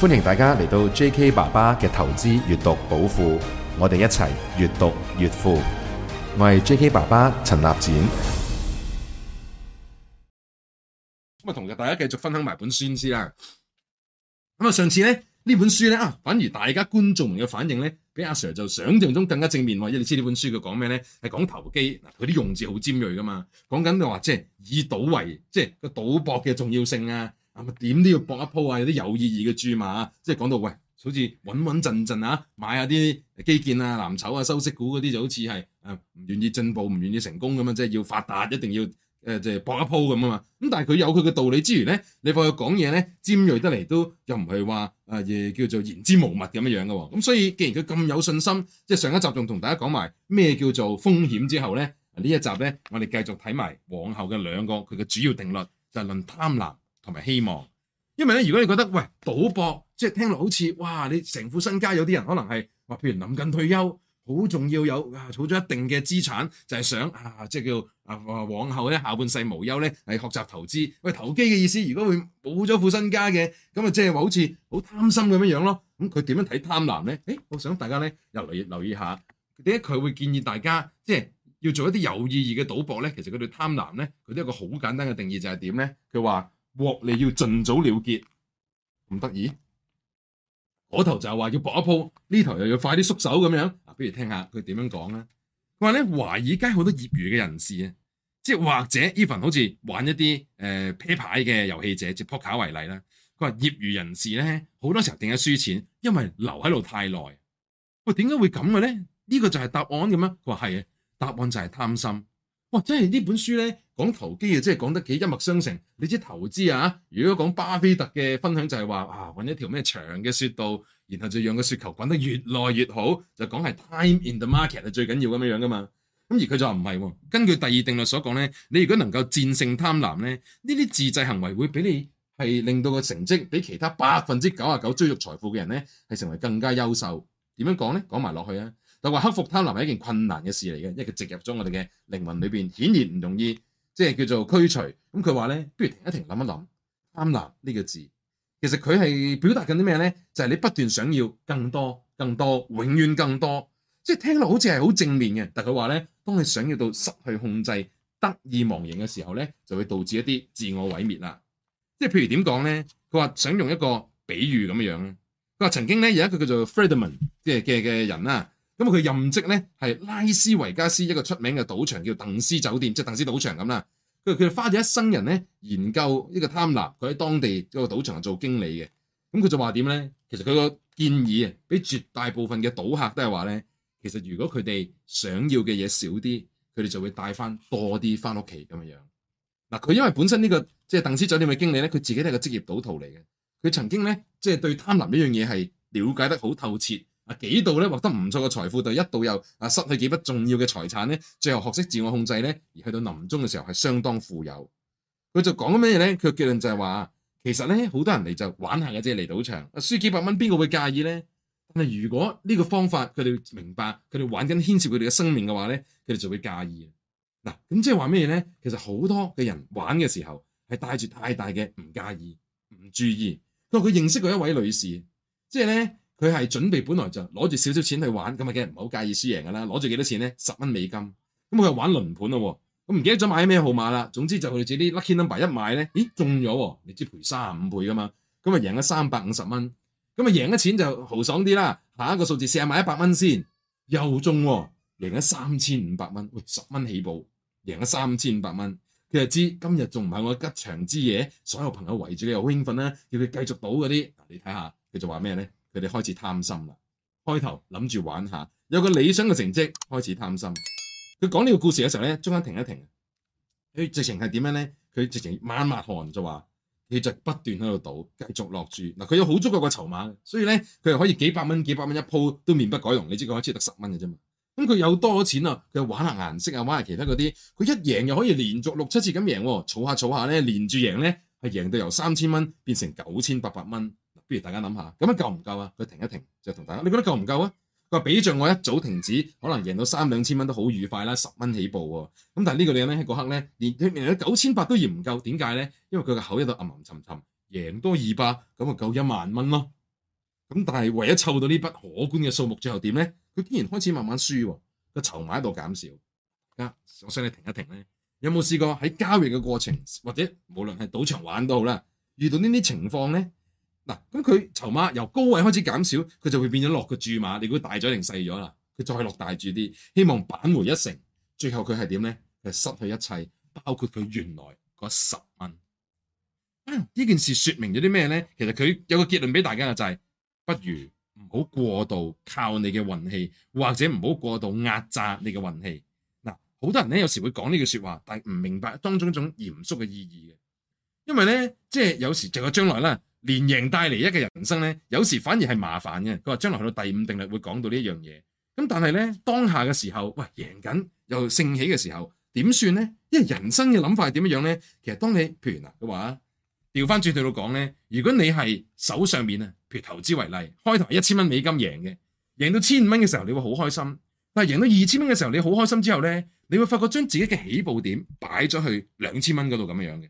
歡迎大家嚟到 J.K. 爸爸嘅投資閱讀寶庫，我哋一齊閱讀越富。我係 J.K. 爸爸陳立展。咁啊，今日同大家繼續分享埋本書先啦。上次呢本書咧，反而大家觀眾們嘅反應咧，俾阿 Sir 就想象中更加正面。因為你知呢本書佢講咩呢？係講投機，佢啲用字好尖銳噶嘛，講緊你話即係以賭為即係個賭博嘅重要性啊。咁點都要搏一鋪啊！有啲有意義嘅注碼，即係講到喂，好似穩穩陣陣啊，買下啲基建啊、藍籌啊、收息股嗰啲，就好似係誒唔願意進步、唔願意成功咁樣，即係要發達，一定要誒即係搏一鋪咁啊嘛。咁但係佢有佢嘅道理之餘咧，你話佢講嘢咧尖鋭得嚟，都又唔係話誒叫做言之無物咁樣樣噶喎。咁所以既然佢咁有信心，即係上一集仲同大家講埋咩叫做風險之後咧，呢一集咧我哋繼續睇埋往後嘅兩個佢嘅主要定律，就係論貪婪，同埋希望，因為咧，如果你覺得喂賭博，即係聽落好似哇，你成副身家，有啲人可能係，話譬如諗緊退休，好重要有啊，儲咗一定嘅資產，就係想啊，即係叫啊，往後咧下半世無憂咧，係學習投資。喂，投機嘅意思，如果會冇咗副身家嘅，咁啊，即係話好似好貪心咁樣樣咯。咁佢點樣睇貪婪咧？誒，我想大家咧，又嚟留意一下，點解佢會建議大家即係要做一啲有意義嘅賭博咧？其實佢對貪婪咧，佢都有一個好簡單嘅定義，就係點咧？佢話。獲利要盡早了結，唔得咦？嗰頭就話要搏一鋪，呢頭又要快啲縮手咁樣。嗱、啊，不如聽下佢點樣講啦。佢話咧，華爾街好多業餘嘅人士啊，即係或者 Even 好似玩一啲誒、呃、啤牌嘅遊戲者，接撲卡為例啦。佢話業餘人士咧，好多時候定係輸錢，因為留喺度太耐。喂、啊，點解會咁嘅咧？呢、呢個就係答案咁啊。佢話係啊，答案就係貪心。哇、哦！即係呢本書咧，講投機啊，即係講得幾一脈相承。你知投資啊，如果講巴菲特嘅分享就係話啊，搵一條咩長嘅雪道，然後就讓個雪球滾得越嚟越好，就講係 time in the market 係最緊要咁樣樣噶嘛。咁而佢就話唔係喎，根據第二定律所講咧，你如果能夠戰勝貪婪咧，呢啲自制行為會俾你係令到個成績比其他百分之九十九追逐財富嘅人咧，係成為更加優秀。點樣講咧？講埋落去啊！佢話克服貪婪係一件困難嘅事嚟嘅，因為佢植入咗我哋嘅靈魂裏邊，顯然唔容易，即係叫做驅除。咁佢話咧，不如停一停，諗一諗貪婪呢個字，其實佢係表達緊啲咩咧？就係你不斷想要更多、更多、永遠更多，即係聽落好似係好正面嘅。但佢話咧，當你想要到失去控制、得意忘形嘅時候咧，就會導致一啲自我毀滅啦。即係譬如點講咧？佢話想用一個比喻咁樣樣，佢話曾經咧有一個叫做 Frederman 嘅嘅嘅人啦。咁佢任職咧係拉斯維加斯一個出名嘅賭場叫鄧斯酒店，即係鄧斯賭場咁啦。佢佢花咗一生人咧研究呢個貪婪。佢喺當地個賭場做經理嘅。咁佢就話點咧？其實佢個建議啊，俾絕大部分嘅賭客都係話咧，其實如果佢哋想要嘅嘢少啲，佢哋就會帶翻多啲翻屋企咁嘅樣。嗱，佢因為本身呢個即係鄧斯酒店嘅經理咧，佢自己都係個職業賭徒嚟嘅。佢曾經咧即係對貪婪呢樣嘢係瞭解得好透徹。啊幾度咧獲得唔錯嘅財富，但一度又啊失去幾筆重要嘅財產咧，最後學識自我控制咧，而去到臨終嘅時候係相當富有。佢就講咩嘢咧？佢嘅結論就係話，其實咧好多人嚟就玩下嘅啫，嚟賭場啊，輸幾百蚊，邊個會介意咧？但係如果呢個方法佢哋明白，佢哋玩緊牽涉佢哋嘅生命嘅話咧，佢哋就會介意。嗱，咁即係話咩嘢咧？其實好多嘅人玩嘅時候係帶住太大嘅唔介意、唔注意。佢話佢認識過一位女士，即係咧。佢係準備本來就攞住少少錢去玩，咁咪梗係唔好介意輸贏噶啦。攞住幾多錢咧？十蚊美金。咁佢又玩輪盤咯。咁唔記得咗買咩號碼啦。總之就佢哋自己啲 lucky number 一買咧，咦中咗喎！你知賠三十五倍噶嘛？咁咪贏咗三百五十蚊。咁咪贏咗錢就豪爽啲啦。下一個數字四，啊買一百蚊先，又中喎，贏咗三千五百蚊。喂，十蚊起步，贏咗三千五百蚊。佢就知今日仲唔係我吉祥之夜，所有朋友圍住佢又好興奮啦，叫佢繼續賭嗰啲。你睇下佢就話咩咧？佢哋開始貪心啦，開頭諗住玩下，有個理想嘅成績，開始貪心。佢講呢個故事嘅時候咧，中間停一停。佢直情係點樣咧？佢直情猛抹汗就話，佢就不斷喺度賭，繼續落注。嗱，佢有好足夠嘅籌碼，所以咧，佢又可以幾百蚊、幾百蚊一鋪都面不改容。你知佢開始得十蚊嘅啫嘛？咁佢有多咗錢啊？佢又玩下顏色啊，玩下其他嗰啲。佢一贏又可以連續六七次咁贏喎，儲下儲下咧，連住贏咧，係贏到由三千蚊變成九千八百蚊。不如大家諗下，咁樣夠唔夠啊？佢停一停就同大家，你覺得夠唔夠啊？佢話俾著我一早停止，可能贏到三兩千蚊都好愉快啦，十蚊起步喎。咁但係呢個女人喺嗰刻咧，連佢九千八都嫌唔夠，點解咧？因為佢個口喺度暗暗沉沉，贏多二百咁啊，夠一萬蚊咯。咁但係唯一湊到呢筆可觀嘅數目，最後點咧？佢竟然開始慢慢輸喎，個籌碼喺度減少。啊，我想你停一停咧，有冇試過喺交易嘅過程，或者無論係賭場玩都好啦，遇到呢啲情況咧？嗱，咁佢籌碼由高位開始減少，佢就會變咗落個注碼。你估大咗定細咗啦？佢再落大注啲，希望扳回一成。最後佢係點咧？佢係失去一切，包括佢原來嗰十蚊。啊、嗯！呢件事説明咗啲咩咧？其實佢有個結論俾大家嘅就係、是，不如唔好過度靠你嘅運氣，或者唔好過度壓榨你嘅運氣。嗱、嗯，好多人咧有時會講呢句説話，但係唔明白當中一種嚴肅嘅意義嘅。因為咧，即係有時仲有將來啦。連贏帶嚟一個人生咧，有時反而係麻煩嘅。佢話將來去到第五定律會講到呢一樣嘢。咁但係咧當下嘅時候，喂，贏緊又盛起嘅時候，點算咧？因為人生嘅諗法係點樣咧？其實當你譬如嗱，佢話調翻轉度講咧，如果你係手上面啊，譬如投資為例，開台一千蚊美金贏嘅，贏到千五蚊嘅時候，你會好開心。但係贏到二千蚊嘅時候，你好開心之後咧，你會發覺將自己嘅起步點擺咗去兩千蚊嗰度咁樣樣嘅。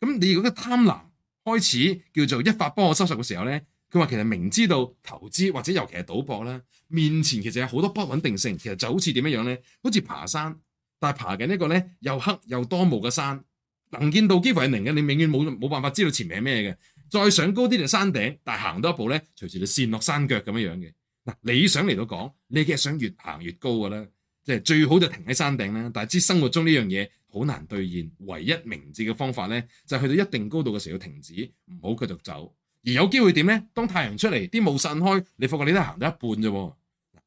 咁你如果個貪婪？開始叫做一發幫我收拾嘅時候咧，佢話其實明知道投資或者尤其係賭博啦，面前其實有好多不穩定性，其實就好似點樣樣咧，好似爬山，但係爬緊一個咧又黑又多霧嘅山，能見度幾乎係零嘅，你永遠冇冇辦法知道前面係咩嘅。再上高啲就山頂，但係行多一步咧，隨時就跌落山腳咁樣樣嘅。嗱，理想嚟到講，你其實想越行越高噶啦，即係最好就停喺山頂啦。但係喺生活中呢樣嘢。好難兌現，唯一明智嘅方法咧，就係去到一定高度嘅時候要停止，唔好繼續走。而有機會點咧？當太陽出嚟，啲霧散開，你發覺你都行到一半啫。嗱，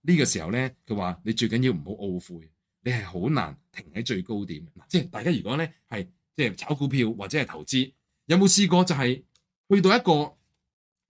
呢個時候咧，佢話你最緊要唔好懊悔，你係好難停喺最高點。嗱，即係大家如果咧係即係炒股票或者係投資，有冇試過就係去到一個，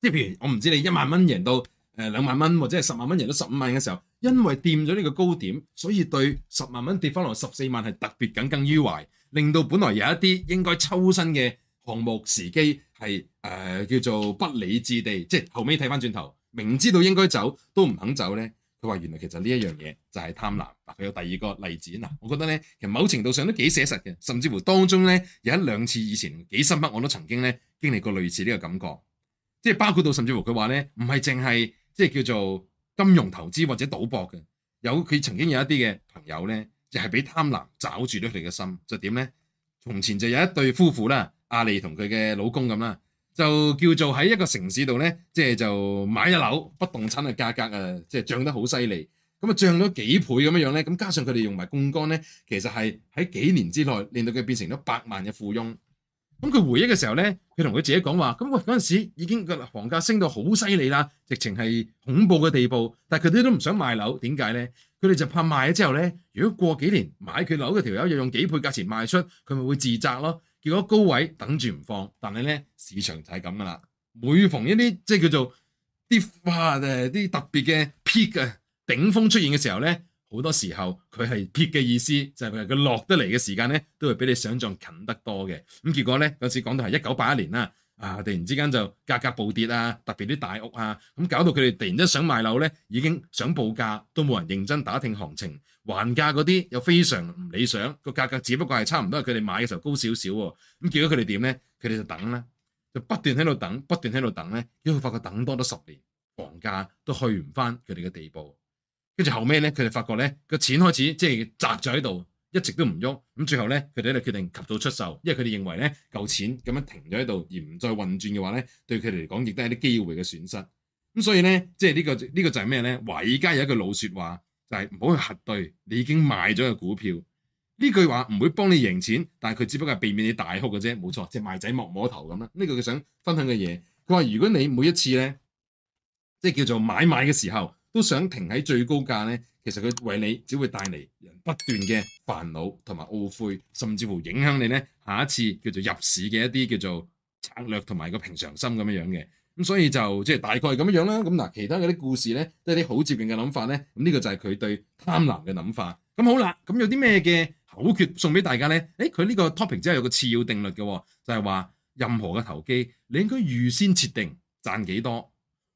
即係譬如我唔知你一萬蚊贏到。誒、呃，兩萬蚊或者係十萬蚊，贏到十五萬嘅時候，因為掂咗呢個高點，所以對十萬蚊跌翻落十四萬係特別耿耿於懷，令到本來有一啲應該抽身嘅項目時機係誒、呃、叫做不理智地，即係後尾睇翻轉頭，明知道應該走都唔肯走呢。佢話原來其實呢一樣嘢就係貪婪。嗱、啊，佢有第二個例子嗱，我覺得呢其實某程度上都幾寫實嘅，甚至乎當中呢，有一兩次以前幾深刻，我都曾經呢經歷過類似呢個感覺，即係包括到甚至乎佢話呢，唔係淨係。即係叫做金融投資或者賭博嘅，有佢曾經有一啲嘅朋友咧，就係、是、俾貪婪抓住咗佢哋嘅心，就點、是、咧？從前就有一對夫婦啦，阿莉同佢嘅老公咁啦，就叫做喺一個城市度咧，即係就買一樓，不動產嘅價格啊，即係漲得好犀利，咁啊漲咗幾倍咁樣樣咧，咁加上佢哋用埋槓杆咧，其實係喺幾年之內令到佢變成咗百萬嘅富翁。咁佢回憶嘅時候咧，佢同佢自己講話，咁我嗰陣時已經個房價升到好犀利啦，直情係恐怖嘅地步。但係佢哋都唔想賣樓，點解咧？佢哋就怕賣咗之後咧，如果過幾年買佢樓嘅條友又用幾倍價錢賣出，佢咪會自責咯。結果高位等住唔放，但係咧，市場就係咁噶啦。每逢一啲即係叫做啲哇誒啲特別嘅 peak 啊頂峰出現嘅時候咧。好多時候佢係撇嘅意思，就係佢落得嚟嘅時間咧，都會比你想象近得多嘅。咁結果咧，有次講到係一九八一年啦，啊，突然之間就價格暴跌啊，特別啲大屋啊，咁搞到佢哋突然一想賣樓咧，已經想報價都冇人認真打聽行情，還價嗰啲又非常唔理想，個價格只不過係差唔多係佢哋買嘅時候高少少喎。咁結果佢哋點咧？佢哋就等啦，就不斷喺度等，不斷喺度等咧，因為佢發覺等多咗十年，房價都去唔翻佢哋嘅地步。跟住後尾咧，佢哋發覺咧，個錢開始即係積咗喺度，一直都唔喐。咁最後咧，佢哋咧決定及早出售，因為佢哋認為咧舊錢咁樣停咗喺度而唔再運轉嘅話咧，對佢哋嚟講亦都係啲機會嘅損失。咁所以咧，即係呢、呢個呢、呢個就係咩咧？華爾街有一句老說話，就係唔好去核對你已經買咗嘅股票。呢句話唔會幫你贏錢，但係佢只不過係避免你大哭嘅啫。冇錯，即係賣仔莫摸頭咁啦。呢個佢想分享嘅嘢。佢話如果你每一次咧，即係叫做買賣嘅時候，都想停喺最高價呢，其實佢為你只會帶嚟不斷嘅煩惱同埋懊悔，甚至乎影響你呢。下一次叫做入市嘅一啲叫做策略同埋個平常心咁樣樣嘅。咁所以就即係大概咁樣樣啦。咁嗱，其他嗰啲故事呢，都係啲好接面嘅諗法呢，咁呢個就係佢對貪婪嘅諗法。咁好啦，咁有啲咩嘅口訣送俾大家呢？誒，佢呢個 topic 真係有個次要定律嘅、哦，就係、是、話任何嘅投機，你應該預先設定賺幾多。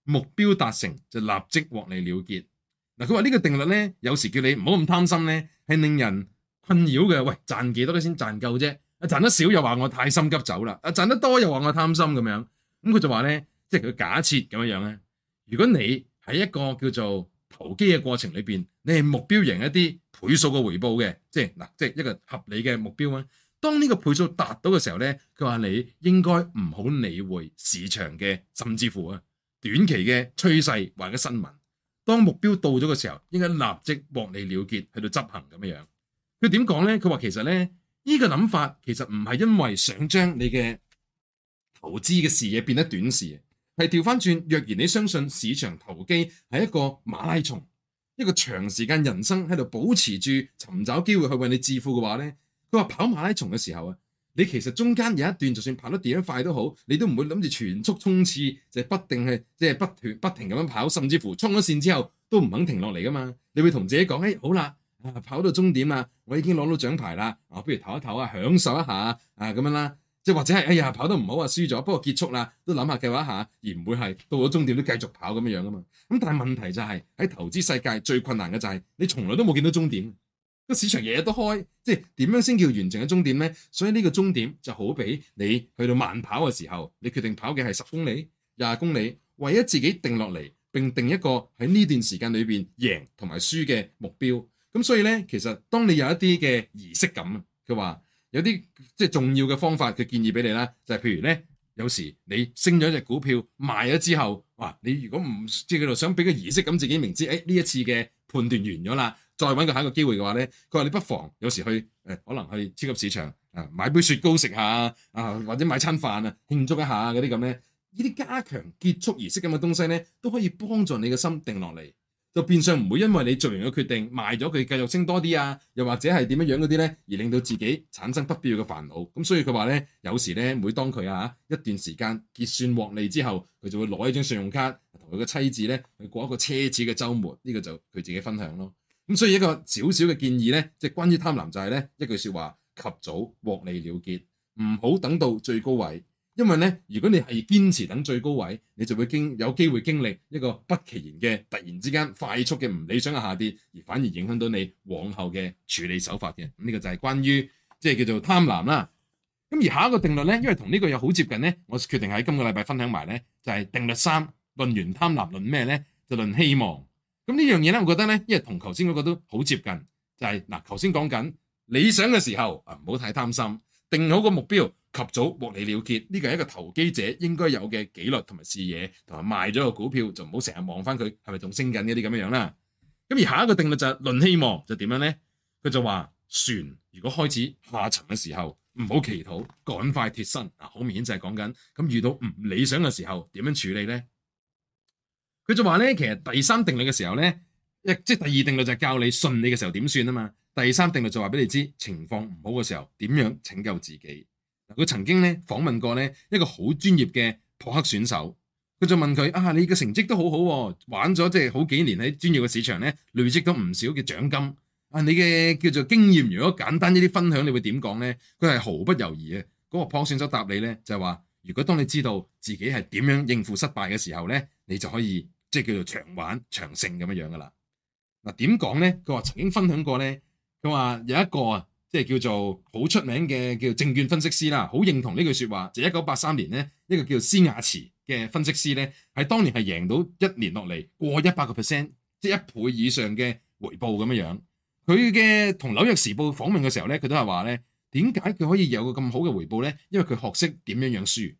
目標達成就立即獲利了結。嗱，佢話呢個定律咧，有時叫你唔好咁貪心咧，係令人困擾嘅。喂，賺幾多都先賺夠啫？啊，賺得少又話我太心急走啦，啊，賺得多又話我貪心咁樣。咁佢就話咧，即係佢假設咁樣樣咧。如果你喺一個叫做投機嘅過程裏邊，你係目標贏一啲倍數嘅回報嘅，即係嗱，即係一個合理嘅目標啊。當呢個倍數達到嘅時候咧，佢話你應該唔好理會市場嘅，甚至乎啊。短期嘅趨勢或者新聞，當目標到咗嘅時候，應該立即獲利了結，喺度執行咁樣樣。佢點講呢？佢話其實呢，呢、呢個諗法其實唔係因為想將你嘅投資嘅視野變得短視，係調翻轉。若然你相信市場投機係一個馬拉松，一個長時間人生喺度保持住尋找機會去為你致富嘅話呢，佢話跑馬拉松嘅時候啊。你其實中間有一段，就算跑得點樣快都好，你都唔會諗住全速衝刺，就係不定係即係不斷不停咁樣跑，甚至乎衝咗線之後都唔肯停落嚟噶嘛？你會同自己講：誒好啦，啊跑到終點啊，我已經攞到獎牌啦，啊不如唞一唞啊，享受一下啊咁樣啦。即係或者係，哎呀跑得唔好啊，輸咗，不過結束啦，都諗下嘅話嚇，而唔會係到咗終點都繼續跑咁樣樣噶嘛。咁但係問題就係喺投資世界最困難嘅就係你從來都冇見到終點。個市場日日都開，即係點樣先叫完成嘅終點呢？所以呢個終點就好比你去到慢跑嘅時候，你決定跑嘅係十公里、廿公里，為咗自己定落嚟，并定一個喺呢段時間裏邊贏同埋輸嘅目標。咁所以呢，其實當你有一啲嘅儀式感，佢話有啲即係重要嘅方法，佢建議俾你啦，就係、是、譬如呢，有時你升咗隻股票賣咗之後，哇！你如果唔即係喺度想俾個儀式感，自己明知誒呢、哎、一次嘅判斷完咗啦。再揾佢下一個機會嘅話呢，佢話你不妨有時去誒、呃，可能去超級市場啊，買杯雪糕食下啊，或者買餐飯啊慶祝一下嗰啲咁咧。呢啲加強結束儀式咁嘅東西呢，都可以幫助你嘅心定落嚟，就變相唔會因為你做完嘅決定賣咗佢，繼續升多啲啊，又或者係點樣樣嗰啲呢，而令到自己產生不必要嘅煩惱。咁所以佢話呢，有時呢，每當佢啊一段時間結算獲利之後，佢就會攞一張信用卡同佢嘅妻子呢，去過一個奢侈嘅週末。呢、呢個就佢自己分享咯。咁所以一個少少嘅建議呢，即係關於貪婪就係咧一句說話，及早獲利了結，唔好等到最高位，因為呢，如果你係堅持等最高位，你就會經有機會經歷一個不其然嘅突然之間快速嘅唔理想嘅下跌，而反而影響到你往後嘅處理手法嘅。呢個就係關於即係叫做貪婪啦。咁而下一個定律呢，因為同呢個有好接近呢，我決定喺今個禮拜分享埋呢，就係定律三，論完貪婪，論咩呢？就論希望。咁呢樣嘢咧，我覺得咧，因為同頭先嗰個都好接近，就係、是、嗱，頭先講緊理想嘅時候啊，唔好太貪心，定好個目標及早獲利了結，呢個係一個投機者應該有嘅紀律同埋視野，同埋賣咗個股票就唔好成日望翻佢係咪仲升緊嗰啲咁樣啦。咁而下一個定律就係、是、論希望就點樣咧？佢就話，船如果開始下沉嘅時候，唔好祈禱，趕快脫身。嗱、啊，好明顯就係講緊咁遇到唔理想嘅時候點樣處理咧？佢就話呢，其實第三定律嘅時候呢，即第二定律就係教你順利嘅時候點算啊嘛。第三定律就話俾你知情況唔好嘅時候點樣拯救自己。佢曾經呢訪問過呢一個好專業嘅撲克選手，佢就問佢：啊，你嘅成績都好好喎、啊，玩咗即係好幾年喺專業嘅市場呢，累積到唔少嘅獎金。啊、你嘅叫做經驗，如果簡單一啲分享，你會點講呢？」佢係毫不猶豫的。啊。嗰個撲克選手答你呢，就話：如果當你知道自己係點樣應付失敗嘅時候呢，你就可以。即係叫做長玩長勝咁樣樣噶啦。嗱，點講咧？佢話曾經分享過咧，佢話有一個啊，即係叫做好出名嘅叫證券分析師啦，好認同呢句説話。就一九八三年咧，一個叫做斯亞慈嘅分析師咧，喺當年係贏到一年落嚟過一百個 percent，即係一倍以上嘅回報咁樣樣。佢嘅同紐約時報訪問嘅時候咧，佢都係話咧，點解佢可以有個咁好嘅回報咧？因為佢學識點樣樣輸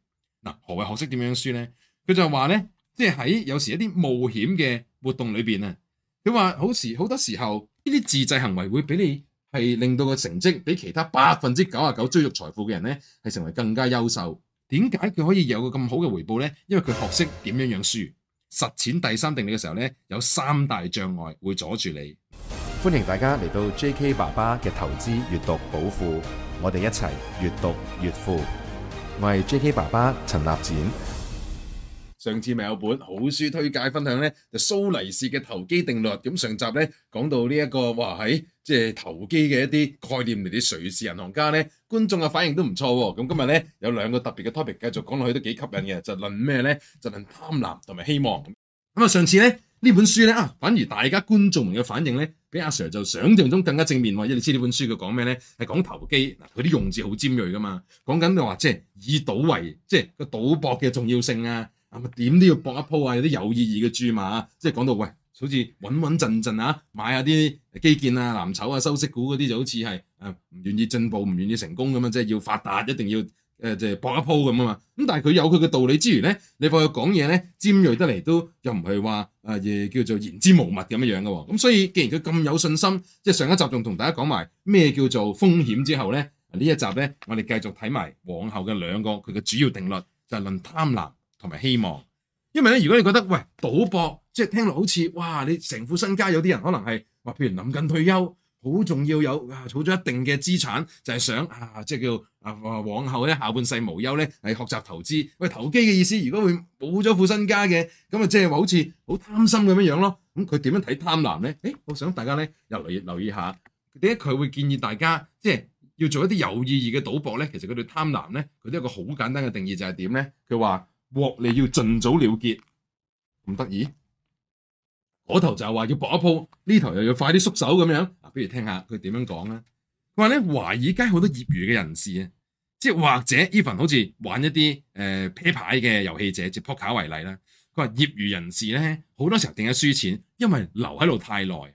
嗱。何為學識點樣樣輸咧？佢就係話咧。即係喺有時一啲冒險嘅活動裏邊啊，佢話好似好多時候呢啲自制行為會俾你係令到個成績比其他百分之九啊九追逐財富嘅人呢，係成為更加優秀。點解佢可以有個咁好嘅回報呢？因為佢學識點樣樣輸。實踐第三定理嘅時候呢，有三大障礙會阻住你。歡迎大家嚟到 J.K. 爸爸嘅投資閱讀寶庫，我哋一齊閱讀越富。我係 J.K. 爸爸陳立展。上次咪有本好書推介分享咧，就是、蘇黎士嘅投機定律。咁上集咧講到呢、這個哎就是、一個話喺即係投機嘅一啲概念，嚟啲瑞士銀行家呢，觀眾嘅反應都唔錯喎。咁今日咧有兩個特別嘅 topic，繼續講落去都幾吸引嘅，就論咩咧，就論貪婪同埋希望。咁啊，上次咧呢本書咧啊，反而大家觀眾嘅反應咧，比阿 Sir 就想象中更加正面。因為你知呢本書佢講咩咧，係講投機嗱，佢啲用字好尖鋭噶嘛，講緊嘅話即係以賭為即係個賭博嘅重要性啊。點都要搏一鋪啊！有啲有意義嘅注碼，即係講到喂，好似穩穩陣陣啊，買下啲基建啊、藍籌啊、收息股嗰啲，就好似係誒唔願意進步、唔願意成功咁啊，即係要發達，一定要誒即係搏一鋪咁啊嘛。咁但係佢有佢嘅道理之餘咧，你放佢講嘢咧，尖鋭得嚟都又唔係話誒叫做言之無物咁樣樣嘅喎。咁所以既然佢咁有信心，即係上一集仲同大家講埋咩叫做風險之後咧，呢一集咧我哋繼續睇埋往後嘅兩個佢嘅主要定律，就係論貪婪，同埋希望，因為咧，如果你覺得喂賭博，即係聽落好似哇，你成副身家，有啲人可能係話，譬如諗緊退休，好重要有啊，儲咗一定嘅資產，就係想啊，即係叫啊，往後咧下半世無憂咧，係學習投資。喂，投機嘅意思，如果會冇咗副身家嘅，咁啊，即係話好似好貪心咁樣樣咯。咁佢點樣睇貪婪咧？誒、哎，我想大家咧，又嚟留意一下，點解佢會建議大家即係要做一啲有意義嘅賭博咧？其實佢對貪婪咧，佢都有一個好簡單嘅定義，就係點咧？佢話。獲利要盡早了結，唔得咦？嗰頭就話要搏一鋪，呢頭又要快啲縮手咁樣。嗱、啊，不如聽下佢點樣講啦、啊。佢話咧，華爾街好多業餘嘅人士啊，即係或者 Even 好似玩一啲誒、呃、啤牌嘅遊戲者，即係撲卡為例啦。佢話業餘人士咧，好多時候定係輸錢，因為留喺度太耐。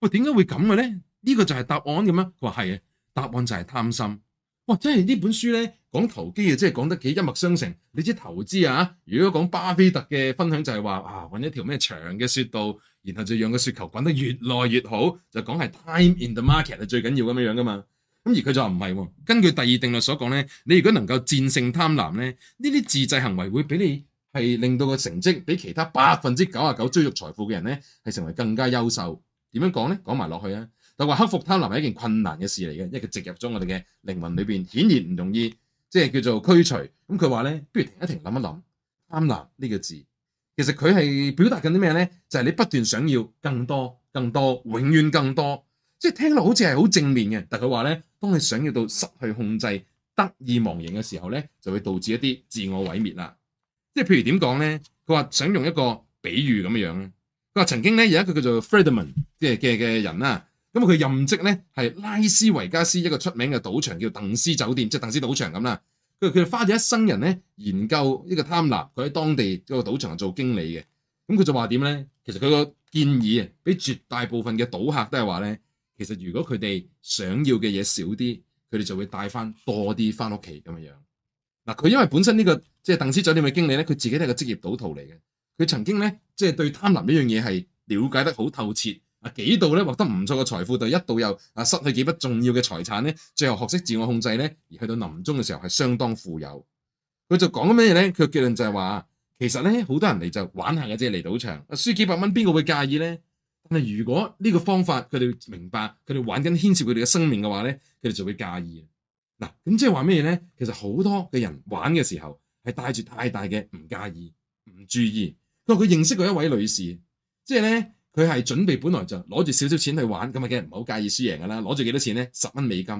喂，點解會咁嘅咧？呢、呢個就係答案咁啊！佢話係啊，答案就係貪心。哇！即係呢本書咧講投機啊，即係講得幾一脈相承。你知投資啊，如果講巴菲特嘅分享就係話啊，揾一條咩長嘅雪道，然後就讓個雪球滾得越來越好，就講係 time in the market 係最緊要咁樣樣噶嘛。咁而佢就話唔係喎，根據第二定律所講咧，你如果能夠戰勝貪婪咧，呢啲自制行為會俾你係令到個成績比其他百分之九十九追逐財富嘅人咧係成為更加優秀。點樣講咧？講埋落去啊！就話克服貪婪係一件困難嘅事嚟嘅，因為佢植入咗我哋嘅靈魂裏邊，顯然唔容易，即係叫做驅除。咁佢話咧，不如停一停，諗一諗。貪婪呢個字，其實佢係表達緊啲咩咧？就係你不斷想要更多、更多、永遠更多，即係聽落好似係好正面嘅。但佢話咧，當你想要到失去控制、得意忘形嘅時候咧，就會導致一啲自我毀滅啦。即係譬如點講咧？佢話想用一個比喻咁樣樣咧，佢話曾經咧有一個叫做 Frederman 即係嘅嘅人啦。咁佢任職咧係拉斯維加斯一個出名嘅賭場叫鄧斯酒店，即係鄧斯賭場咁啦。佢佢花咗一生人咧研究呢個貪婪，佢喺當地個賭場做經理嘅。咁佢就話點咧？其實佢個建議啊，俾絕大部分嘅賭客都係話咧，其實如果佢哋想要嘅嘢少啲，佢哋就會帶翻多啲翻屋企咁嘅樣。嗱，佢因為本身呢個即係鄧斯酒店嘅經理咧，佢自己都係一個職業賭徒嚟嘅，佢曾經咧即係對貪婪呢樣嘢係了解得好透徹。啊幾度咧獲得唔錯嘅財富，但一度又啊失去幾筆重要嘅財產咧，最後學識自我控制咧，而去到臨終嘅時候係相當富有。佢就講乜嘢咧？佢嘅結論就係話，其實咧好多人嚟就玩下嘅啫，嚟賭場啊，輸幾百蚊邊個會介意咧？但係如果呢個方法佢哋明白，佢哋玩緊牽涉佢哋嘅生命嘅話咧，佢哋就會介意。嗱，咁即係話咩嘢咧？其實好多嘅人玩嘅時候係帶住太大嘅唔介意、唔注意。佢話佢認識過一位女士，即係咧。佢係準備本來就攞住少少錢去玩，咁咪梗係唔好介意輸贏㗎喇。攞住幾多錢咧？十蚊美金。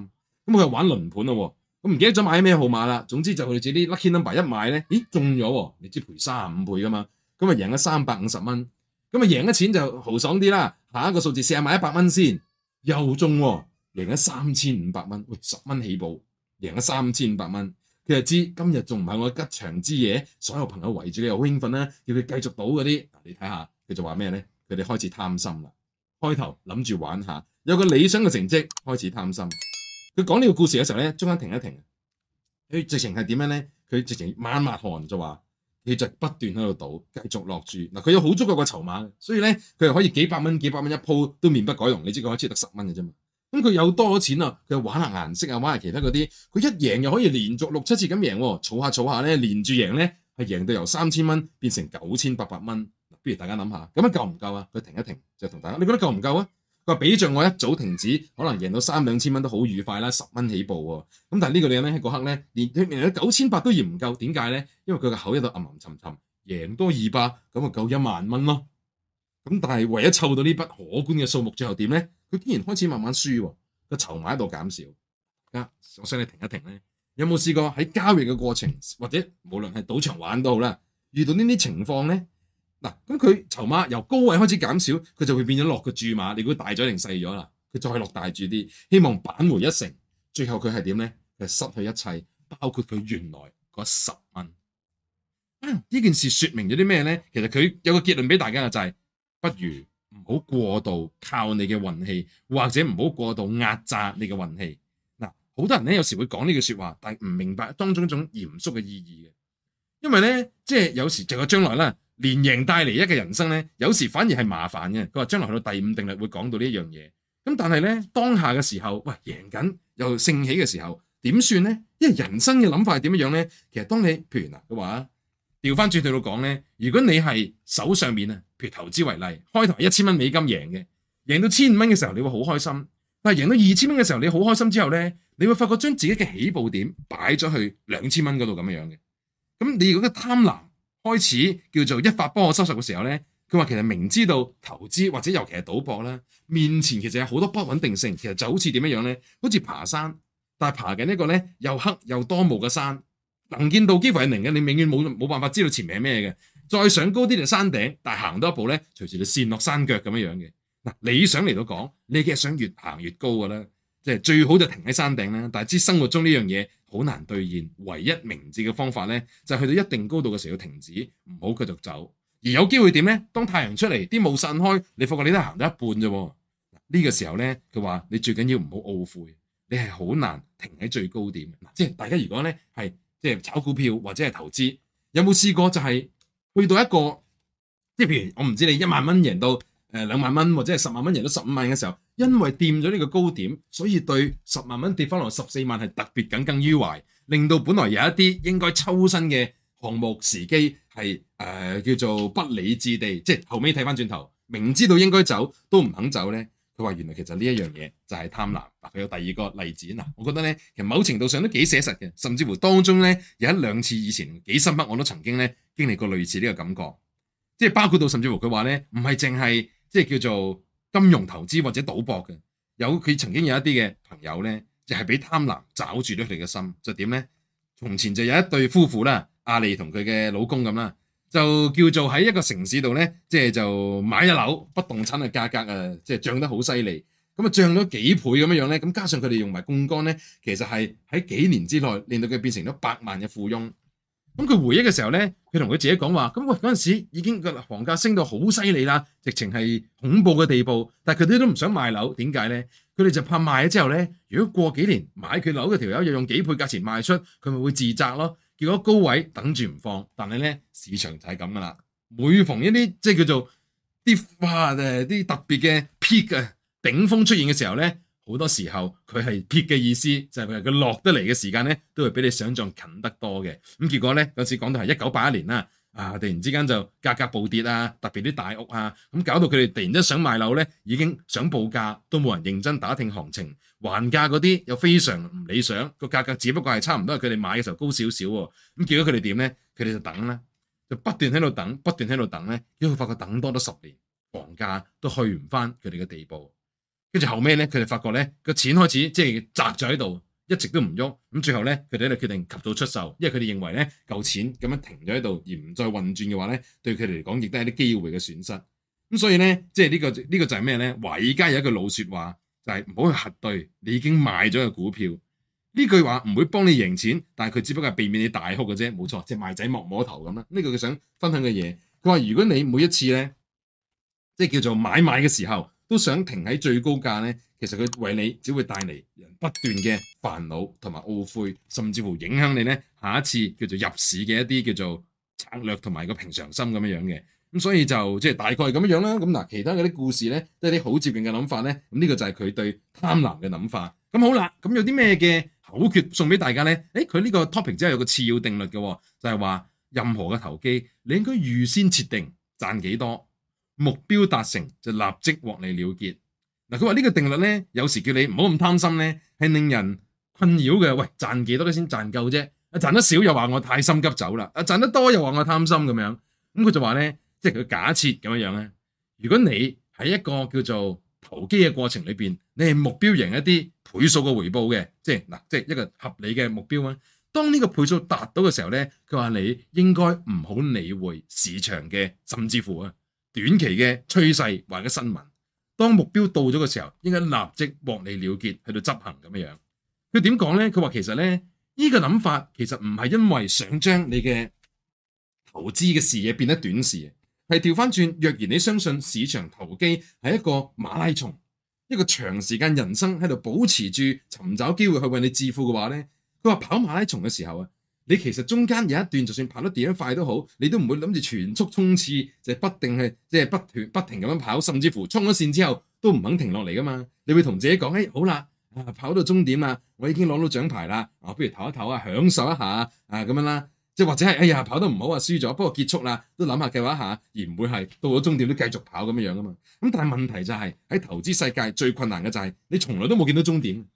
咁佢又玩輪盤咯。咁唔記得咗買啲咩號碼啦。總之就佢自己 lucky number 一買呢，咦中咗喎！你知賠三十五倍㗎嘛？咁咪贏咗三百五十蚊。咁咪贏咗錢就豪爽啲啦。下一個數字試下買一百蚊先，又中喎，贏咗三千五百蚊。喂，十蚊起步。贏咗三千五百蚊。佢就知今日仲唔係我的吉祥之夜，所有朋友圍住佢又興奮啦，叫佢繼續賭嗰啲。你睇下佢就話咩呢？佢哋開始貪心啦，開頭諗住玩下，有個理想嘅成績，開始貪心。佢講呢個故事嘅時候咧，中間停一停。佢直情係點樣咧？佢直情猛抹汗就話，佢就不斷喺度賭，繼續落注。嗱，佢有好足夠嘅籌碼，所以咧，佢又可以幾百蚊、幾百蚊一鋪都面不改容。你知佢開始得十蚊嘅啫嘛？咁佢有多咗錢啊？佢又玩下顏色啊，玩下其他嗰啲。佢一贏又可以連續六七次咁贏喎，儲下儲下咧，連住贏咧，係贏到由三千蚊變成九千八百蚊。不如大家諗下，咁樣夠唔夠啊？佢停一停就同大家，你覺得夠唔夠啊？佢話俾着我一早停止，可能贏到三兩千蚊都好愉快啦，十蚊起步喎。咁但係呢個女人咧，喺嗰刻咧，連連九千八都嫌唔夠，點解咧？因為佢個口喺度吟吟沉沉，贏多二百咁啊，夠一萬蚊咯。咁但係唯一湊到呢筆可觀嘅數目，最後點咧？佢竟然開始慢慢輸喎，個籌碼喺度減少啊！我想你停一停咧，有冇試過喺交易嘅過程，或者無論係賭場玩都好啦，遇到呢啲情況咧？嗱，咁佢籌碼由高位開始減少，佢就會變咗落個注碼。你估大咗定細咗啦？佢再落大注啲，希望扳回一成。最後佢係點咧？係失去一切，包括佢原來嗰十蚊。嗯，呢件事説明咗啲咩咧？其實佢有個結論俾大家嘅就係、是，不如唔好過度靠你嘅運氣，或者唔好過度壓榨你嘅運氣。嗱、嗯，好多人咧有時會講呢句説話，但係唔明白當中一種嚴肅嘅意義嘅。因為咧，即係有時就有將來咧。連贏帶嚟一個人生咧，有時反而係麻煩嘅。佢話將來去到第五定律會講到呢一樣嘢。咁但係咧當下嘅時候，喂，贏緊又盛起嘅時候，點算咧？因為人生嘅諗法係點樣樣咧？其實當你譬如嗱，佢話調翻轉對度講咧，如果你係手上面啊，譬如投資為例，開頭一千蚊美金贏嘅，贏到千五蚊嘅時候，你會好開心。但係贏到二千蚊嘅時候，你好開心之後咧，你會發覺將自己嘅起步點擺咗去兩千蚊嗰度咁樣樣嘅。咁你如果個貪婪開始叫做「一發幫我收拾」嘅時候咧，佢話其實明知道投資或者尤其係賭博啦，面前其實有好多不穩定性，其實就好似點樣樣咧，好似爬山，但係爬緊呢個咧又黑又多霧嘅山，能見度幾乎係零嘅，你永遠冇冇辦法知道前面係咩嘅。再上高啲就山頂，但係行多一步咧，隨時就墮落山腳咁樣樣嘅。嗱，理想嚟到講，你其實想越行越高嘅啦，即係最好就停喺山頂啦。但係知生活中呢樣嘢。好難兌現，唯一明智嘅方法呢，就係去到一定高度嘅時候要停止，唔好繼續走。而有機會點呢？當太陽出嚟，啲霧散開，你發覺你都行到一半啫。呢個時候呢，佢話你最緊要唔好懊悔，你係好難停喺最高點。即係大家如果呢，係即係炒股票或者係投資，有冇試過就係去到一個，即係譬如我唔知你一萬蚊贏到。誒兩萬蚊或者係十萬蚊贏到十五萬嘅時候，因為掂咗呢個高點，所以對十萬蚊跌翻落十四萬係特別耿耿於懷，令到本來有一啲應該抽身嘅項目時機係誒叫做不理智地，即係後尾睇翻轉頭，明知道應該走都唔肯走呢。佢話原來其實呢一樣嘢就係貪婪。嗱，佢有第二個例子嗱，我覺得呢其實某程度上都幾寫實嘅，甚至乎當中呢有一兩次以前幾深刻，我都曾經呢經歷過類似呢個感覺，即係包括到甚至乎佢話呢唔係淨係。即係叫做金融投資或者賭博嘅，有佢曾經有一啲嘅朋友咧，就係俾貪婪抓住咗佢哋嘅心，就點咧？從前就有一對夫婦啦，阿莉同佢嘅老公咁啦，就叫做喺一個城市度咧，即係就買一樓不動產嘅價格誒，即係漲得好犀利，咁啊漲咗幾倍咁樣樣咧，咁加上佢哋用埋槓桿咧，其實係喺幾年之內令到佢變成咗百萬嘅富翁。咁佢回憶嘅時候咧，佢同佢自己講話：咁喂，嗰陣時已經個房價升到好犀利啦，直情係恐怖嘅地步。但係佢哋都唔想賣樓，點解咧？佢哋就怕賣咗之後咧，如果過幾年買佢樓嘅條友又用幾倍價錢賣出，佢咪會自責咯。結果高位等住唔放，但係咧，市場就係咁噶啦。每逢一啲即係叫做啲哇誒啲特別嘅 peak 啊頂峰出現嘅時候咧。好多時候佢係跌嘅意思，就係佢落得嚟嘅時間咧，都會比你想像近得多嘅。咁結果咧，有次講到係一九八一年啦，啊，突然之間就價格暴跌啊，特別啲大屋啊，咁搞到佢哋突然之間想賣樓咧，已經想報價都冇人認真打聽行情，還價嗰啲又非常唔理想，個價格只不過係差唔多係佢哋買嘅時候高少少喎。咁結果佢哋點咧？佢哋就等啦，就不斷喺度等，不斷喺度等咧，因為發覺等多咗十年，房價都去唔翻佢哋嘅地步。跟住後尾咧，佢哋發覺咧，個錢開始即係擳咗喺度，一直都唔喐。咁最後咧，佢哋就決定及早出售，因為佢哋認為咧，舊錢咁樣停咗喺度而唔再運轉嘅話咧，對佢哋嚟講亦都係啲機會嘅損失。咁所以咧，即係呢個呢、呢個就係咩咧？華爾街有一句老説話，就係唔好去核對你已經賣咗嘅股票。呢句話唔會幫你贏錢，但係佢只不過係避免你大哭嘅啫。冇錯，即係賣仔莫摸頭咁啦。呢個佢想分享嘅嘢。佢話：如果你每一次咧，即係叫做買賣嘅時候，都想停喺最高價呢，其實佢為你只會帶嚟不斷嘅煩惱同埋懊悔，甚至乎影響你呢下一次叫做入市嘅一啲叫做策略同埋個平常心咁樣樣嘅。咁、嗯、所以就即係大概咁樣樣啦。咁嗱，其他嗰啲故事呢，都係啲好接應嘅諗法呢。咁呢個就係佢對貪婪嘅諗法。咁好啦，咁有啲咩嘅口訣送俾大家呢？誒，佢呢個 topic 之後有個次要定律嘅、哦，就係、是、話任何嘅投機，你應該預先設定賺幾多。目標達成就立即獲利了結。嗱，佢話呢個定律咧，有時叫你唔好咁貪心咧，係令人困擾嘅。喂，賺幾多咧先賺夠啫？啊，賺得少又話我太心急走啦，啊，賺得多又話我貪心咁樣。咁佢就話咧，即係佢假設咁樣樣咧。如果你喺一個叫做投機嘅過程裏邊，你係目標贏一啲倍數嘅回報嘅，即係嗱，即係一個合理嘅目標啊。當呢個倍數達到嘅時候咧，佢話你應該唔好理會市場嘅，甚至乎啊。短期嘅趨勢或者新聞，當目標到咗嘅時候，應該立即獲利了結，喺度執行咁樣。佢點講呢？佢話其實呢，呢，呢個諗法其實唔係因為想將你嘅投資嘅視野變得短視，係調翻轉。若然你相信市場投機係一個馬拉松，一個長時間人生喺度保持住尋找機會去為你致富嘅話呢，佢話跑馬拉松嘅時候啊。你其實中間有一段，就算跑得點樣快都好，你都唔會諗住全速衝刺，就係、是、不定係即係不斷不停咁樣跑，甚至乎衝咗線之後都唔肯停落嚟噶嘛。你會同自己講：誒、哎、好啦，啊跑到終點啦，我已經攞到獎牌啦。啊，不如唞一唞啊，享受一下啊咁樣啦。即係或者係，哎呀，跑得唔好啊，輸咗，不過結束啦，都諗下嘅話下而唔會係到咗終點都繼續跑咁樣樣啊嘛。咁但係問題就係、是、喺投資世界最困難嘅就係、是、你從來都冇見到終點。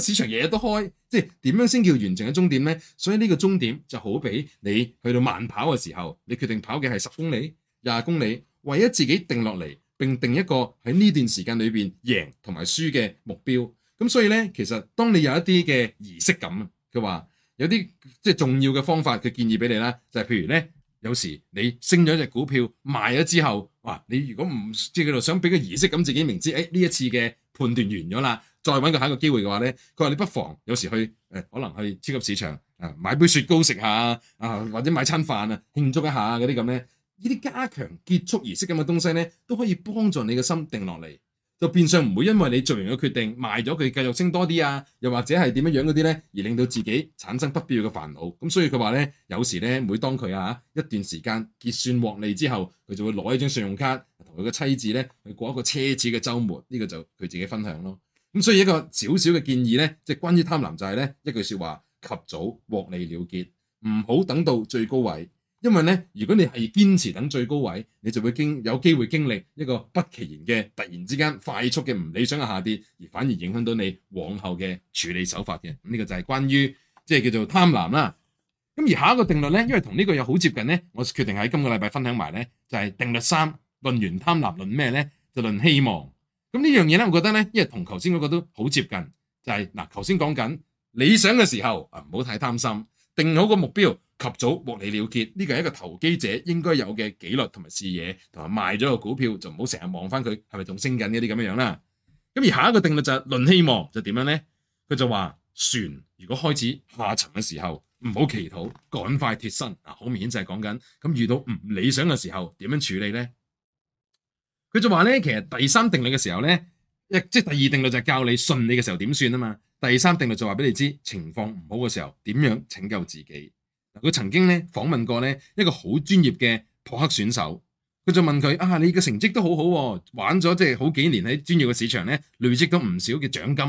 市場日日都開，即係點樣先叫完整嘅終點呢？所以呢個終點就好比你去到慢跑嘅時候，你決定跑嘅係十公里、廿公里，唯一自己定落嚟，並定一個喺呢段時間裏邊贏同埋輸嘅目標。咁所以呢，其實當你有一啲嘅儀式感，佢話有啲即係重要嘅方法，佢建議俾你啦，就係譬如呢，有時你升咗隻股票賣咗之後，哇！你如果唔即係佢就想俾個儀式感，自己明知誒，呢一次嘅判斷完咗啦。再揾佢下一個機會嘅話咧，佢話你不妨有時去誒、呃，可能去超級市場啊買杯雪糕食下啊，或者買餐飯啊慶祝一下嗰啲咁咧，呢啲加強結束儀式咁嘅東西咧，都可以幫助你嘅心定落嚟，就變相唔會因為你做完嘅決定賣咗佢繼續升多啲啊，又或者係點樣樣嗰啲咧，而令到自己產生不必要嘅煩惱。咁所以佢話咧，有時咧每當佢啊一段時間結算獲利之後，佢就會攞一張信用卡同佢嘅妻子咧去過一個奢侈嘅週末，呢、呢個就佢自己分享咯。所以一個少少嘅建議呢，即係關於貪婪就係呢一句說話，及早獲利了結，唔好等到最高位。因為呢，如果你係堅持等最高位，你就會經有機會經歷一個不其然嘅突然之間快速嘅唔理想嘅下跌，而反而影響到你往後嘅處理手法嘅。呢個就係關於即係叫做貪婪啦。咁而下一個定律呢，因為同呢個又好接近呢，我決定喺今個禮拜分享埋呢，就係定律三論完貪婪，論咩呢？就論希望。咁呢樣嘢咧，我覺得咧，因為同頭先嗰個都好接近，就係、是、嗱，頭先講緊理想嘅時候啊，唔好太貪心，定好個目標，及早獲利了結，呢個係一個投機者應該有嘅紀律同埋視野，同埋賣咗個股票就唔好成日望翻佢係咪仲升緊呢啲咁樣樣啦。咁而下一個定律就係、是、論希望，就點樣咧？佢就話船如果開始下沉嘅時候，唔好祈禱，趕快脫身。嗱、啊，好明顯就係講緊咁遇到唔理想嘅時候點樣處理咧？佢就話咧，其實第三定律嘅時候咧，一即係第二定律就係教你信你嘅時候點算啊嘛。第三定律就話俾你知情況唔好嘅時候點樣拯救自己。佢曾經咧訪問過咧一個好專業嘅撲克選手，佢就問佢啊，你嘅成績都好好啊，玩咗即係好幾年喺專業嘅市場咧累積咗唔少嘅獎金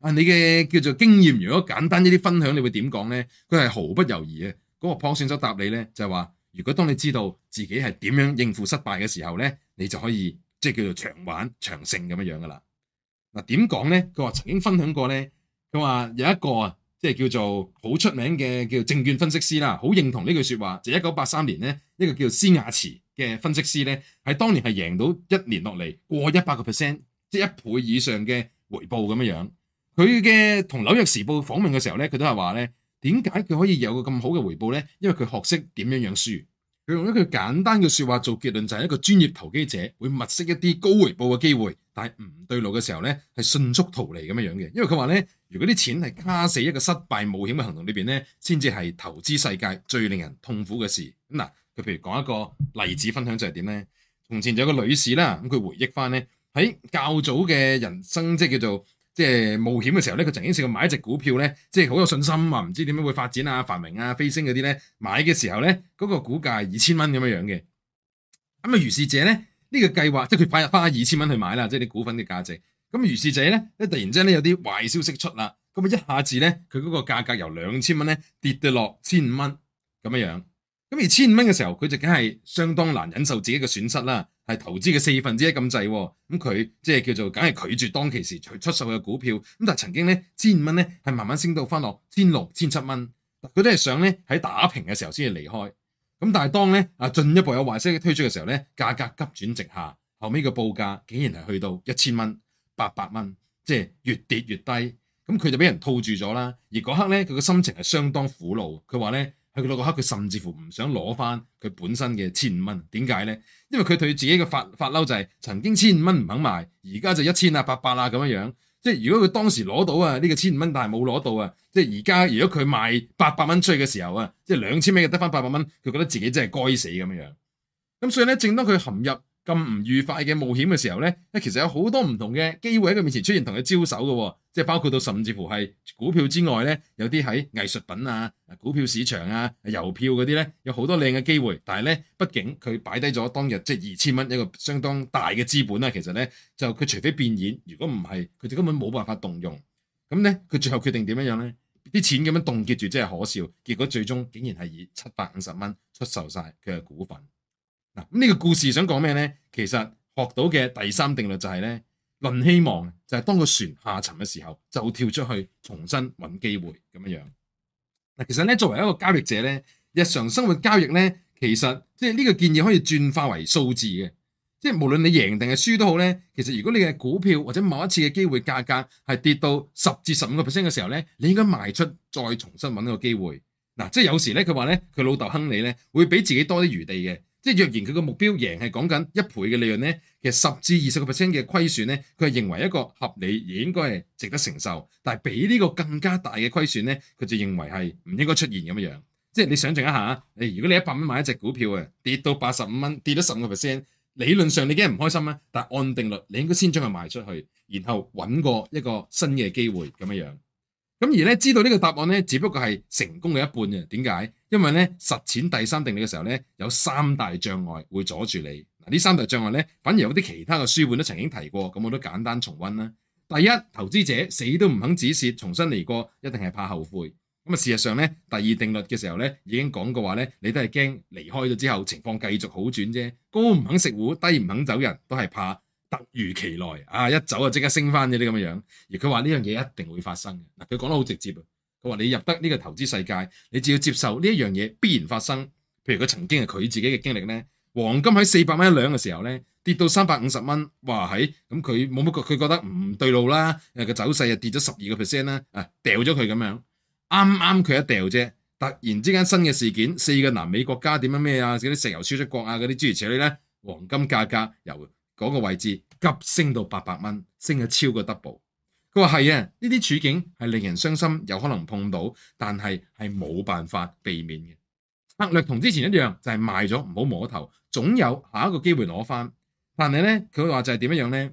啊。你嘅叫做經驗，如果簡單一啲分享，你會點講咧？佢係毫不猶豫嘅。嗰個撲克選手答你咧就話，如果當你知道自己係點樣應付失敗嘅時候咧。你就可以即係、就是、叫做長玩長勝咁樣樣噶啦。嗱點講呢？佢話曾經分享過呢佢話有一個啊，即、就、係、是、叫做好出名嘅叫證券分析師啦，好認同呢句説話。就一九八三年呢，一個叫做斯亞慈嘅分析師呢，喺當年係贏到一年落嚟過一百個 percent，即係一倍以上嘅回報咁樣樣。佢嘅同紐約時報訪問嘅時候呢，佢都係話呢點解佢可以有個咁好嘅回報呢？因為佢學識點樣樣輸。佢用一句簡單嘅說話做結論，就係一個專業投機者會物色一啲高回報嘅機會，但係唔對路嘅時候呢係迅速逃離咁樣樣嘅。因為佢話呢，如果啲錢係卡死一個失敗冒險嘅行動裏邊呢，先至係投資世界最令人痛苦嘅事。咁嗱，佢譬如講一個例子分享就係點呢？從前有個女士啦，咁佢回憶翻呢，喺較早嘅人生，即叫做。即係冒險嘅時候咧，佢曾經試過買一隻股票咧，即係好有信心啊，唔知點樣會發展啊、繁榮啊、飛升嗰啲咧，買嘅時候咧，嗰、嗰個股價二千蚊咁樣樣嘅。咁啊，如是者咧，呢、呢個計劃即係佢快花花二千蚊去買啦，即係啲股份嘅價值。咁如是者咧，咧突然之間咧有啲壞消息出啦，咁啊一下子咧，佢嗰個價格由兩千蚊咧跌到落千五蚊咁樣樣。咁而千五蚊嘅時候，佢就梗係相當難忍受自己嘅損失啦。係投資嘅四分之一咁滯，咁佢即係叫做梗係拒絕當其時佢出售嘅股票，咁但係曾經咧千五蚊咧係慢慢升到翻落千六千七蚊，佢都係想咧喺打平嘅時候先至離開，咁但係當咧啊進一步有壞消息推出嘅時候咧，價格急轉直下，後尾嘅報價竟然係去到一千蚊八百蚊，即係越跌越低，咁佢就俾人套住咗啦，而嗰刻咧佢嘅心情係相當苦惱，佢話咧。喺佢嗰個刻，佢甚至乎唔想攞翻佢本身嘅千五蚊。點解咧？因為佢對自己嘅發發嬲就係、是、曾經千五蚊唔肯賣，而家就一千啊八百啦咁樣樣。即係如果佢當時攞到啊呢、這個千五蚊，但係冇攞到啊。即係而家如果佢賣八百蚊出去嘅時候啊，即係兩千蚊就得翻八百蚊，佢覺得自己真係該死咁樣樣。咁所以咧，正當佢陷入咁唔愉快嘅冒險嘅時候咧，其實有好多唔同嘅機會喺佢面前出現同佢招手嘅、哦。即係包括到甚至乎係股票之外咧，有啲喺藝術品啊、股票市場啊、郵票嗰啲咧，有好多靚嘅機會。但係咧，畢竟佢擺低咗當日即係二千蚊一個相當大嘅資本啦、啊。其實咧，就佢除非變現，如果唔係，佢哋根本冇辦法動用。咁咧，佢最後決定點樣呢樣咧？啲錢咁樣凍結住真係可笑。結果最終竟然係以七百五十蚊出售晒佢嘅股份。嗱，咁呢個故事想講咩咧？其實學到嘅第三定律就係咧。論希望就係、是、當個船下沉嘅時候，就跳出去重新揾機會咁樣樣。嗱，其實咧，作為一個交易者呢，日常生活交易呢，其實即係呢個建議可以轉化為數字嘅。即係無論你贏定係輸都好呢，其實如果你嘅股票或者某一次嘅機會價格係跌到十至十五個 percent 嘅時候呢，你應該賣出再重新揾個機會。嗱、啊，即係有時呢，佢話呢，佢老豆亨利呢，會俾自己多啲餘地嘅。即係若然佢個目標贏係講緊一倍嘅利潤呢。其實十至二十個 percent 嘅虧損咧，佢係認為一個合理而應該係值得承受。但係俾呢個更加大嘅虧損咧，佢就認為係唔應該出現咁樣樣。即係你想像一下，你如果你一百蚊買一隻股票嘅，跌到八十五蚊，跌咗十五個 percent，理論上你梗係唔開心咧？但係按定律，你應該先將佢賣出去，然後揾過一個新嘅機會咁樣樣。咁而咧，知道呢個答案咧，只不過係成功嘅一半嘅。點解？因為咧實踐第三定理嘅時候咧，有三大障礙會阻住你。嗱，呢三大障礙咧，反而有啲其他嘅書本都曾經提過，咁我都簡單重溫啦。第一，投資者死都唔肯止蝕，重新嚟過，一定係怕後悔。咁啊，事實上咧，第二定律嘅時候咧，已經講過話咧，你都係驚離開咗之後情況繼續好轉啫。高唔肯食糊，低唔肯走人都係怕突如其來啊！一走就即刻升翻嗰啲咁嘅樣，而佢話呢樣嘢一定會發生嘅。嗱，佢講得好直接啊！佢話你入得呢個投資世界，你只要接受呢一樣嘢必然發生。譬如佢曾經係佢自己嘅經歷咧。黃金喺四百蚊一兩嘅時候咧，跌到三百五十蚊，哇喺咁佢冇乜佢覺得唔對路啦，誒個走勢又跌咗十二個 percent 啦，啊掉咗佢咁樣，啱啱佢一掉啫，突然之間新嘅事件，四個南美國家點樣咩啊，嗰啲石油輸出國啊，嗰啲諸如此類咧，黃金價格由嗰個位置急升到八百蚊，升啊超過 double，佢話係啊，呢啲處境係令人傷心，有可能碰到，但係係冇辦法避免嘅。策略同之前一樣，就係、是、賣咗唔好摸頭，總有下一個機會攞翻。但係咧，佢話就係點樣樣咧？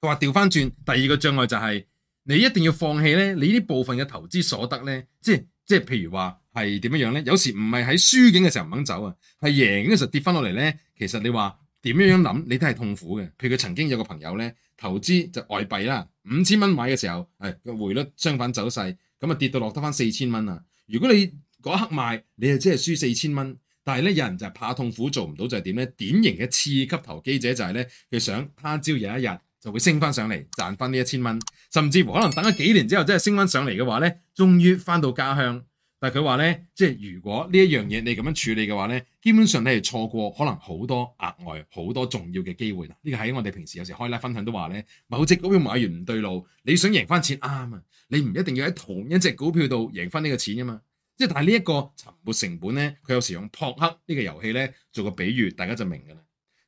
佢話調翻轉。第二個障礙就係、是、你一定要放棄咧，你呢部分嘅投資所得咧，即係即係譬如話係點樣樣咧？有時唔係喺輸境嘅時候唔肯走啊，係贏嘅時候跌翻落嚟咧。其實你話點樣樣諗，你都係痛苦嘅。譬如佢曾經有個朋友咧，投資就外幣啦，五千蚊買嘅時候，係個匯率相反走勢，咁啊跌到落得翻四千蚊啊。如果你嗰刻賣，你就只係輸四千蚊。但係咧，有人就係怕痛苦，做唔到就係點咧？典型嘅次級投機者就係咧，佢想他朝有一日就會升翻上嚟，賺翻呢一千蚊。甚至乎可能等咗幾年之後，真係升翻上嚟嘅話咧，終於翻到家鄉。但係佢話咧，即係如果呢一樣嘢你咁樣處理嘅話咧，基本上你係錯過可能好多額外好多重要嘅機會。呢個喺我哋平時有時開拉分享都話咧，某隻股票買完唔對路，你想贏翻錢啱啊？你唔一定要喺同一隻股票度贏翻呢個錢吖嘛？即係，但呢一個沉沒成本咧，佢有時用撲克呢個遊戲咧做個比喻，大家就明㗎啦。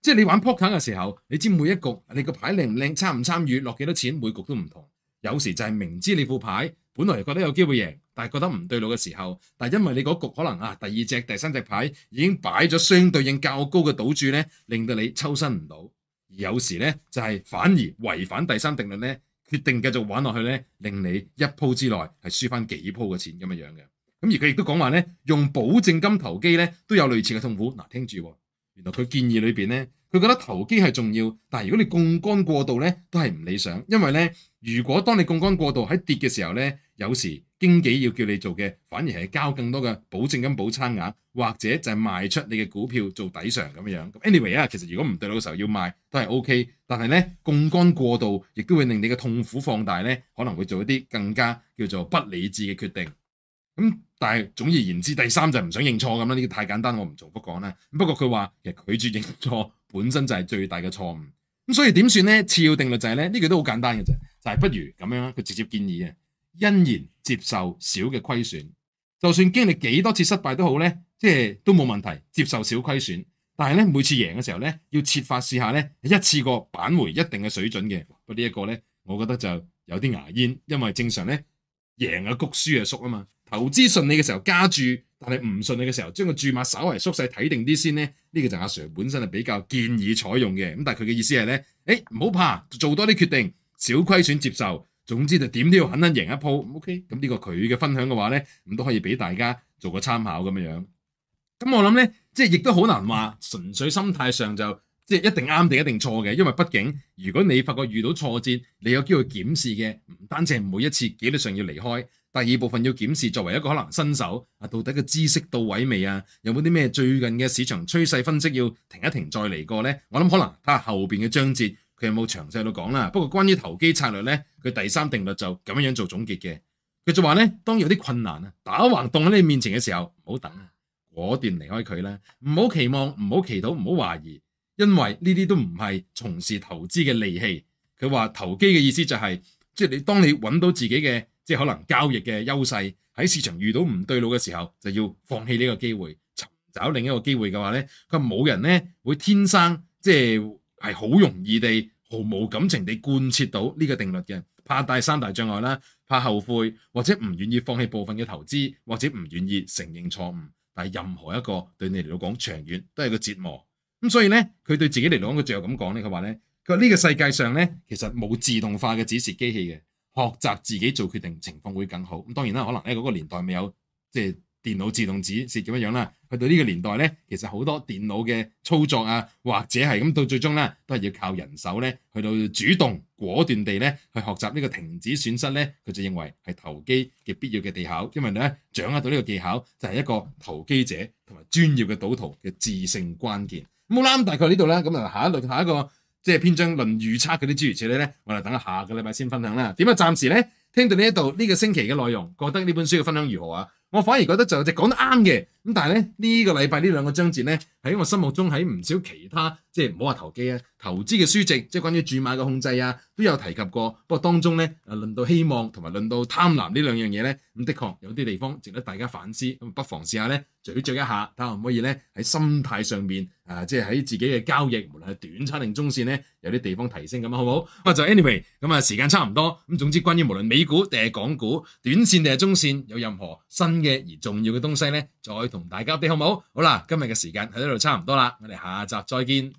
即係你玩撲克嘅時候，你知每一局你個牌靚唔靚、參唔參與、落幾多錢，每局都唔同。有時就係明知你副牌本來覺得有機會贏，但係覺得唔對路嘅時候，但係因為你嗰局可能啊第二隻、第三隻牌已經擺咗相對應較高嘅賭注咧，令到你抽身唔到。而有時咧就係反而違反第三定律咧，決定繼續玩落去咧，令你一鋪之內係輸翻幾鋪嘅錢咁嘅樣嘅。咁而佢亦都講話咧，用保證金投機咧都有類似嘅痛苦。嗱，聽住、哦，原來佢建議裏邊咧，佢覺得投機係重要，但係如果你槓桿過度咧，都係唔理想。因為咧，如果當你槓桿過度喺跌嘅時候咧，有時經紀要叫你做嘅反而係交更多嘅保證金補差額，或者就係賣出你嘅股票做底倉咁樣樣。咁 anyway 啊，其實如果唔對路嘅時候要賣都係 OK，但係咧槓桿過度亦都會令你嘅痛苦放大咧，可能會做一啲更加叫做不理智嘅決定。咁但係總而言之，第三就唔想認錯咁啦，呢個太簡單，我唔重複講啦。不過佢話其實拒絕認錯本身就係最大嘅錯誤。咁所以點算咧？次要定律就係咧，呢個都好簡單嘅啫，就係不如咁樣，佢直接建議嘅，欣然接受少嘅虧損，就算經歷幾多次失敗都好咧，即係都冇問題，接受少虧損。但係咧，每次贏嘅時候咧，要設法試下咧，一次過扳回一定嘅水準嘅。不過呢一個咧，我覺得就有啲牙煙，因為正常咧贏啊谷，輸啊縮啊嘛。投資順利嘅時候加注，但係唔順利嘅時候將個注碼稍為縮細睇定啲先呢，呢個就阿 Sir 本身係比較建議採用嘅。咁但係佢嘅意思係呢，誒唔好怕，做多啲決定，小虧損接受，總之就點都要狠狠贏一鋪。OK，咁呢個佢嘅分享嘅話呢，咁都可以俾大家做個參考咁樣樣。咁、嗯、我諗呢，即係亦都好難話純粹心態上就即係一定啱定一定錯嘅，因為畢竟如果你發覺遇到挫折，你有機會檢視嘅，唔單止係每一次幾率上要離開。第二部分要檢視，作為一個可能新手啊，到底嘅知識到位未啊？有冇啲咩最近嘅市場趨勢分析要停一停再嚟過呢？我諗可能睇下後邊嘅章節，佢有冇詳細度講啦。不過關於投機策略呢，佢第三定律就咁樣樣做總結嘅。佢就話呢，當有啲困難啊，打橫棟喺你面前嘅時候，唔好等，果斷離開佢啦。唔好期望，唔好祈禱，唔好懷疑，因為呢啲都唔係從事投資嘅利器。佢話投機嘅意思就係、是，即係你當你揾到自己嘅。即係可能交易嘅優勢喺市場遇到唔對路嘅時候，就要放棄呢個機會，尋找另一個機會嘅話，呢佢冇人呢會天生即係係好容易地毫無感情地貫徹到呢個定律嘅。怕第三大障礙啦，怕後悔或者唔願意放棄部分嘅投資或者唔願意承認錯誤，但係任何一個對你嚟到講長遠都係個折磨。咁所以呢，佢對自己嚟講，佢最後咁講，呢佢話，呢佢話呢個世界上呢，其實冇自動化嘅指示機器嘅。學習自己做決定，情況會更好。咁當然啦，可能咧嗰個年代未有即係電腦自動止蝕咁樣樣啦。去到呢個年代咧，其實好多電腦嘅操作啊，或者係咁到最終咧，都係要靠人手咧，去到主動果斷地咧去學習呢個停止損失咧。佢就認為係投機嘅必要嘅技巧，因為咧掌握到呢個技巧就係、是、一個投機者同埋專業嘅賭徒嘅制勝關鍵。冇啦、嗯，大概呢度啦，咁啊，下一類下一個。即係篇章論預測嗰啲諸如此類咧，我哋等下個禮拜先分享啦。點解暫時咧，聽到呢一度，呢個星期嘅內容，覺得呢本書嘅分享如何啊？我反而覺得就係講得啱嘅。咁但係咧呢個禮拜呢兩個章節咧，喺我心目中喺唔少其他即係唔好話投機啊，投資嘅書籍即係關於注碼嘅控制啊，都有提及過。不過當中咧，誒論到希望同埋論到貪婪呢兩樣嘢咧，咁的確有啲地方值得大家反思。咁不妨試下咧咀嚼一下，睇下可唔可以咧喺心態上面，誒即係喺自己嘅交易，無論係短差定中線咧，有啲地方提升咁好唔好？咁啊就 anyway，咁啊時間差唔多。咁總之關於無論美股定係港股，短線定係中線，有任何新嘅而重要嘅東西咧，再同大家啲好唔好？好啦，今日嘅時間喺呢度差唔多啦，我哋下集再見。